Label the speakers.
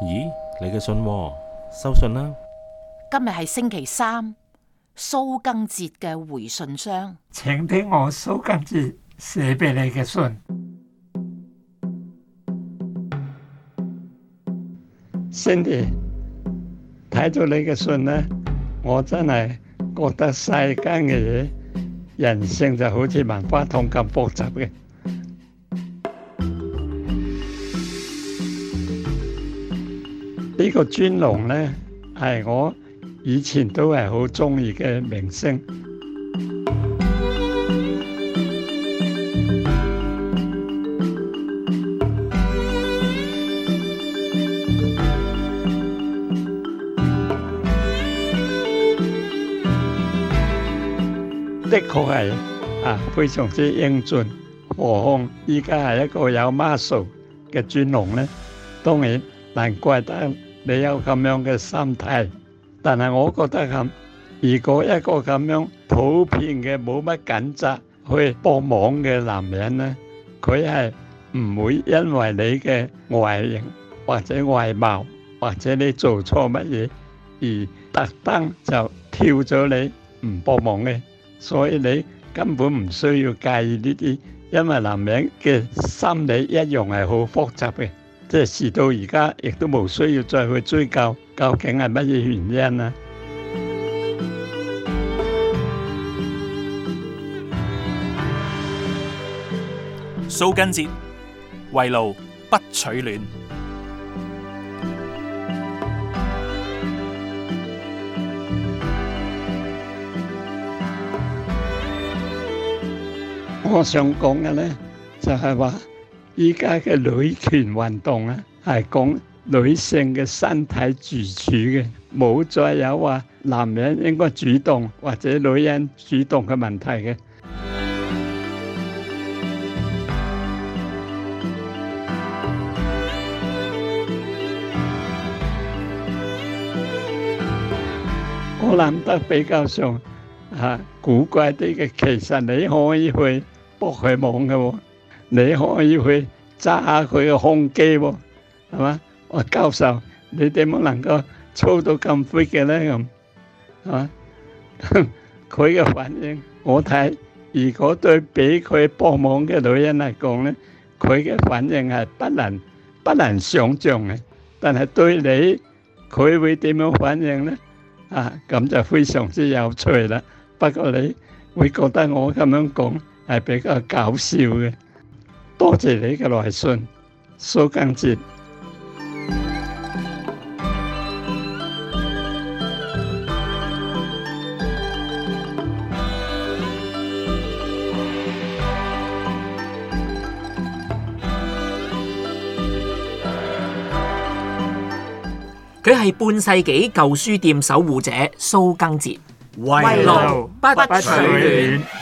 Speaker 1: 咦，你嘅信收信啦！今日係星期三，蘇賡哲嘅回信箱，請聽我蘇賡哲寫俾你嘅信。Cindy，睇咗你嘅信咧，我真係覺得世間嘅嘢，人性就好似萬花筒咁複雜嘅。呢個尊龍呢，係我以前都係好中意嘅明星，的確係啊，非常之英俊。何況依家係一個有 muscle 嘅尊龍呢，當然。難怪得你有咁樣嘅心態，但係我覺得咁，如果一個咁樣普遍嘅冇乜緊張去幫忙嘅男人咧，佢係唔會因為你嘅外形或者外貌或者你做錯乜嘢而特登就跳咗你唔幫忙嘅，所以你根本唔需要介意呢啲，因為男人嘅心理一樣係好複雜嘅。即係事到而家，亦都無需要再去追究究竟係乜嘢原因啦。蘇賡哲，為路不取暖。我想講嘅呢，就係話。依家嘅女權運動啊，係講女性嘅身體自主嘅，冇再有話男人應該主動或者女人主動嘅問題
Speaker 2: 嘅。
Speaker 1: 我諗得比較像古怪啲嘅，其實你可以去博佢網嘅喎。你可以去揸下佢嘅胸肌喎，係嘛？我教授，你點樣能夠操到咁 fit 嘅咧？咁係嘛？佢嘅反應我睇，如果對俾佢幫忙嘅女人嚟講咧，佢嘅反應係不能不能想像嘅。但係對你，佢會點樣反應咧？啊，咁就非常之有趣啦。不過你會覺得我咁樣講係比較搞笑嘅。多謝你嘅來信，蘇賡哲。佢係半世紀舊書店守護者蘇賡哲，為路不取暖。